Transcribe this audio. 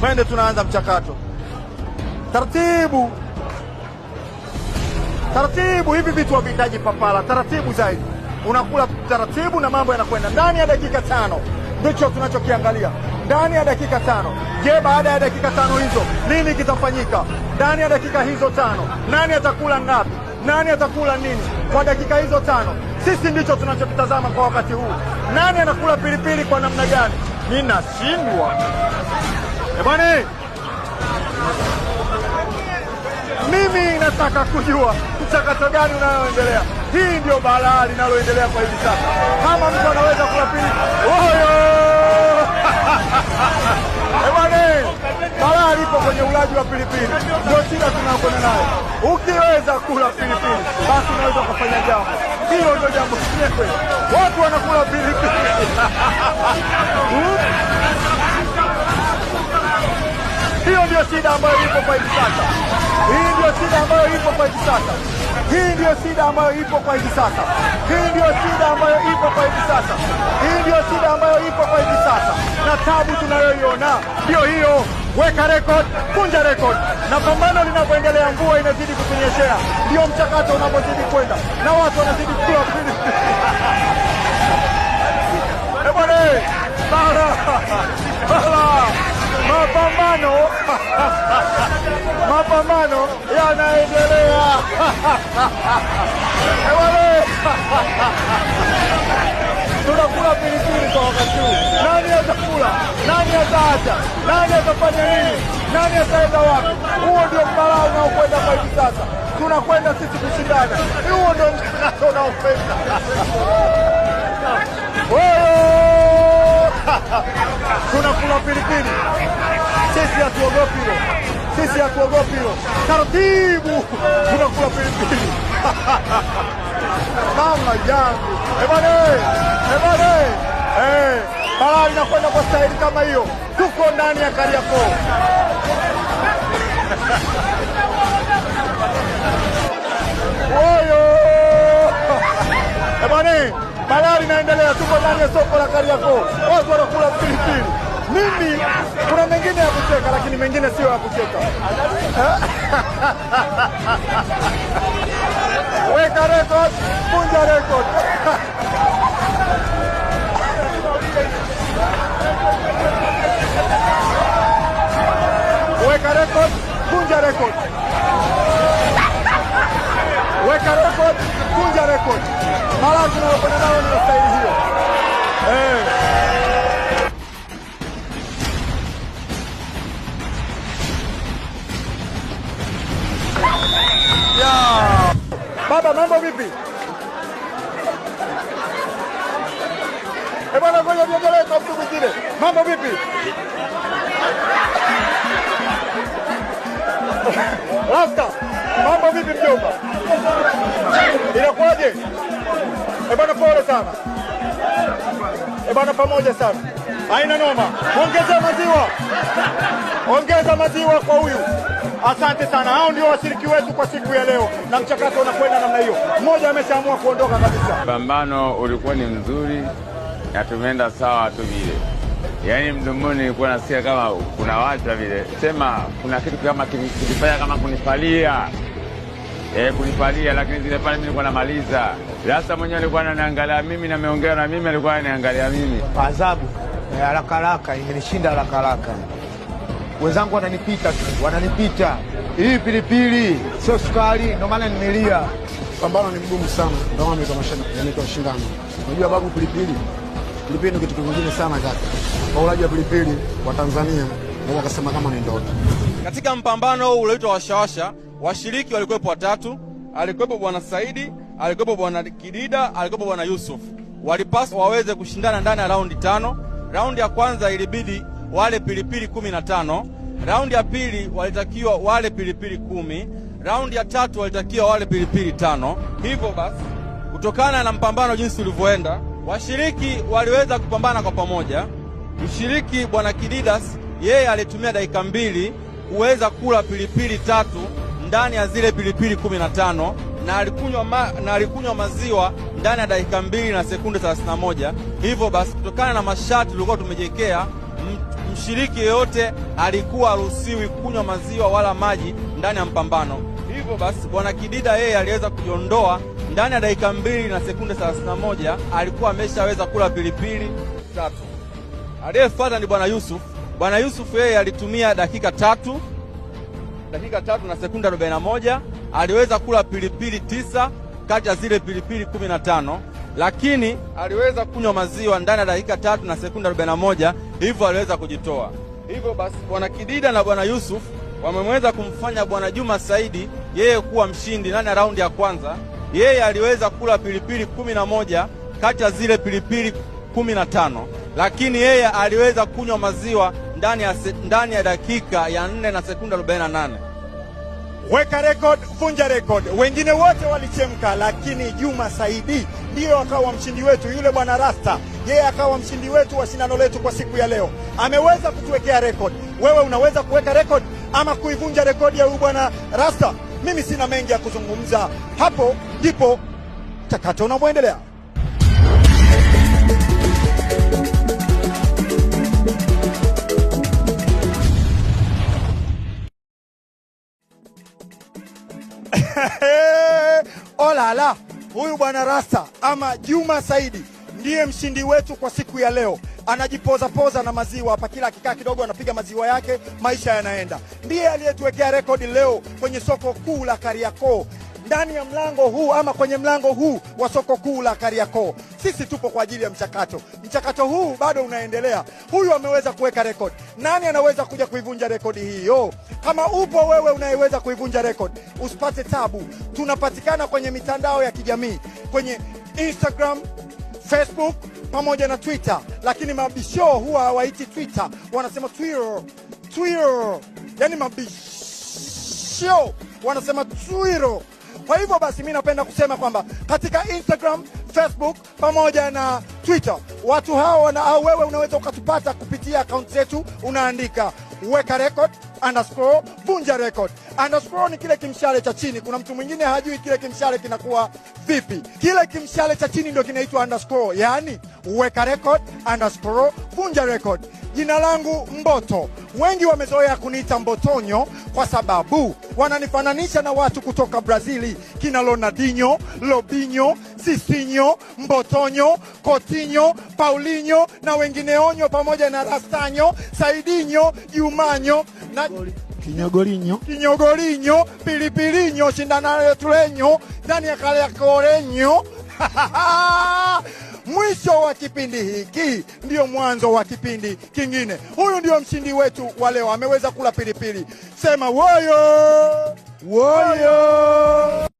twende, tunaanza mchakato taratibu taratibu. Hivi vitu havihitaji papara, taratibu zaidi, unakula taratibu na mambo yanakwenda. Ndani ya dakika tano ndicho tunachokiangalia ndani ya dakika tano. Je, baada ya dakika tano hizo nini kitafanyika? Ndani ya dakika hizo tano nani atakula ngapi? Nani atakula nini kwa dakika hizo tano? Sisi ndicho tunachokitazama kwa wakati huu. Nani anakula pilipili kwa namna gani? Ninashindwa. Ebani, mimi nataka kujua mchakato gani unayoendelea. Hii ndio balaa linaloendelea kwa hivi sasa. Kama mtu anaweza kurapili oyo Ebani, balaa lipo kwenye ulaji wa pilipili, ndio shida tunakwenda nayo. Ukiweza kula pilipili, basi unaweza kufanya jambo hilo. Ndio jambo lenyewe, watu wanakula pilipili ndio shida ambayo ipo kwa hivi sasa. Hii ndio shida ambayo ipo kwa hivi sasa. Hii ndio shida ambayo ipo kwa hivi sasa. Hii ndio shida ambayo ipo kwa hivi sasa. Hii ndio shida ambayo ipo kwa hivi sasa, na tabu tunayoiona ndiyo hiyo. Weka rekodi, kunja rekodi, na pambano linapoendelea, mvua inazidi kutunyeshea, ndiyo mchakato unapozidi kwenda na watu wanazidi kula ebwana eh, eh. mapambano mapambano yanaendelea wale tunakula pilipili kwa wakati huu. Nani atakula? Nani ataacha? Nani atafanya nini? Nani ataenda wapi? Huo ndio mbarao unaokwenda kwa hivi sasa, tunakwenda sisi kushindana. Huo ndio mchezo unaopenda wewe. Tunakula pilipili sisi hatuogopi hilo, sisi hatuogopi hilo. Taratibu tunakula pilipili ebane, ebane. eh, balaa inakwenda kwa staili kama hiyo. Tuko ndani ya Kariakoo. Oyo ebane, balaa inaendelea, tuko ndani ya soko la Kariakoo, watu wanakula pilipili mimi kuna mengine ya kucheka, lakini mengine sio ya kucheka. Weka rekodi, punja rekodi. Weka rekodi, punja rekodi. Weka rekodi, vunja rekodi. Mara tunayokwenda nayo ni staili hiyo. Eh. Baba mambo vipi? Eh, bwana ngoja niongelee kwa mtu mwingine. Mambo vipi? Rasta, mambo vipi mjomba? Inakuwaje? Eh, bwana pole sana. Eh, bwana pamoja sana. Haina noma. Ongeza maziwa. Ongeza maziwa kwa huyu. Asante sana. Hao ndio washiriki wetu kwa siku ya leo, na mchakato unakwenda namna hiyo. Mmoja ameshaamua kuondoka kabisa. Pambano ulikuwa ni mzuri na tumeenda sawa tu vile, yaani mdomoni nilikuwa nasikia kama kuna watu vile sema kuna kitu kama kilifanya kama kunifalia E, kunifalia lakini zile pale mimi nilikuwa namaliza. Lasa mwenyewe alikuwa ananiangalia mimi na ameongea na mimi alikuwa ananiangalia mimi. Adhabu eh, haraka haraka imenishinda haraka haraka wenzangu wananipita tu, wananipita. Hii pilipili sio sukari, ndio maana nimelia. Pambano ni mgumu sana, ndio maana inaitwa yaani mashindano. Unajua babu, pilipili pilipili ni kitu kingine sana kaka. Waulaji wa pilipili wa Tanzania naweza kusema kama ni ndoto. Katika mpambano huu ulioitwa washawasha, washiriki walikuwepo watatu, alikuwepo bwana Saidi, alikuwepo bwana Kidida, alikuwepo bwana Yusuf. Walipaswa waweze kushindana ndani ya raundi tano. Raundi ya kwanza ilibidi wale pilipili kumi na tano. Raundi ya pili walitakiwa wale pilipili kumi. Raundi ya tatu walitakiwa wale pilipili tano. Hivyo basi, kutokana na mpambano jinsi ulivyoenda, washiriki waliweza kupambana kwa pamoja. Mshiriki bwana Kididas yeye alitumia dakika mbili kuweza kula pilipili tatu ndani ya zile pilipili kumi na tano na alikunywa, ma, na alikunywa maziwa ndani ya dakika mbili na sekunde 31. Hivyo basi, kutokana na mashati tulikuwa tumejekea mshiriki yeyote alikuwa haruhusiwi kunywa maziwa wala maji ndani ya mpambano. Hivyo basi, bwana Kidida yeye aliweza kujiondoa ndani ya dakika mbili na sekunde thelathini moja alikuwa ameshaweza kula pilipili tatu. Aliyefuata ni bwana Yusufu. Bwana Yusufu yeye alitumia dakika tatu dakika tatu na sekunde arobaini na moja aliweza kula pilipili tisa kati ya zile pilipili kumi na tano lakini aliweza kunywa maziwa ndani ya dakika tatu na sekunde arobaini na moja hivyo aliweza kujitoa. Hivyo basi bwana Kidida na bwana Yusuf wamemweza kumfanya bwana Juma Saidi yeye kuwa mshindi ndani ya raundi ya kwanza. Yeye aliweza kula pilipili kumi na moja kati ya zile pilipili kumi na tano lakini yeye aliweza kunywa maziwa ndani ya, ndani ya dakika ya nne na sekunde arobaini na nane weka rekodi, vunja rekodi. Wengine wote walichemka, lakini Juma Saidi ndiyo akawa mshindi wetu. Yule bwana Rasta yeye akawa mshindi wetu wa shindano letu kwa siku ya leo, ameweza kutuwekea rekodi. Wewe unaweza kuweka rekodi ama kuivunja rekodi ya huyu bwana Rasta. Mimi sina mengi ya kuzungumza, hapo ndipo mchakato unapoendelea. olala la huyu bwana Rasta ama Juma Saidi ndiye mshindi wetu kwa siku ya leo. Anajipoza poza na maziwa hapa, kila akikaa kidogo anapiga maziwa yake, maisha yanaenda. Ndiye aliyetuwekea rekodi leo kwenye soko kuu la Kariakoo ndani ya mlango huu ama kwenye mlango huu wa soko kuu la Kariakoo. Sisi tupo kwa ajili ya mchakato. Mchakato huu bado unaendelea. Huyu ameweza kuweka rekodi, nani anaweza kuja kuivunja rekodi hiyo? Kama upo wewe unayeweza kuivunja rekodi, usipate tabu. Tunapatikana kwenye mitandao ya kijamii kwenye Instagram, Facebook pamoja na Twitter, lakini mabisho huwa hawaiti Twitter, wanasema Twitter. Twitter, yani mabisho wanasema Twitter. Kwa hivyo basi, mi napenda kusema kwamba katika Instagram, Facebook pamoja na Twitter, watu hao na au wewe unaweza ukatupata kupitia akaunti zetu, unaandika weka record underscore vunja record. Underscore ni kile kimshale cha chini. Kuna mtu mwingine hajui kile kimshale kinakuwa vipi. Kile kimshale cha chini ndio kinaitwa underscore, yaani weka record underscore vunja record. Jina langu Mboto. Wengi wamezoea kuniita Mbotonyo kwa sababu wananifananisha na watu kutoka Brazili, kina Ronaldinho, Lobinho, sisinyo Mbotonyo, kotinyo Paulinho na wengineonyo, pamoja na Rastanyo, saidinyo Jumanyo na Kinyogorinyo, kinyogolinyo, pilipilinyo, shindana letulenyo ndani ya kale ya korenyo Mwisho wa kipindi hiki ndiyo mwanzo wa kipindi kingine. Huyu ndio mshindi wetu wa leo, ameweza kula pilipili. Sema woyo woyo.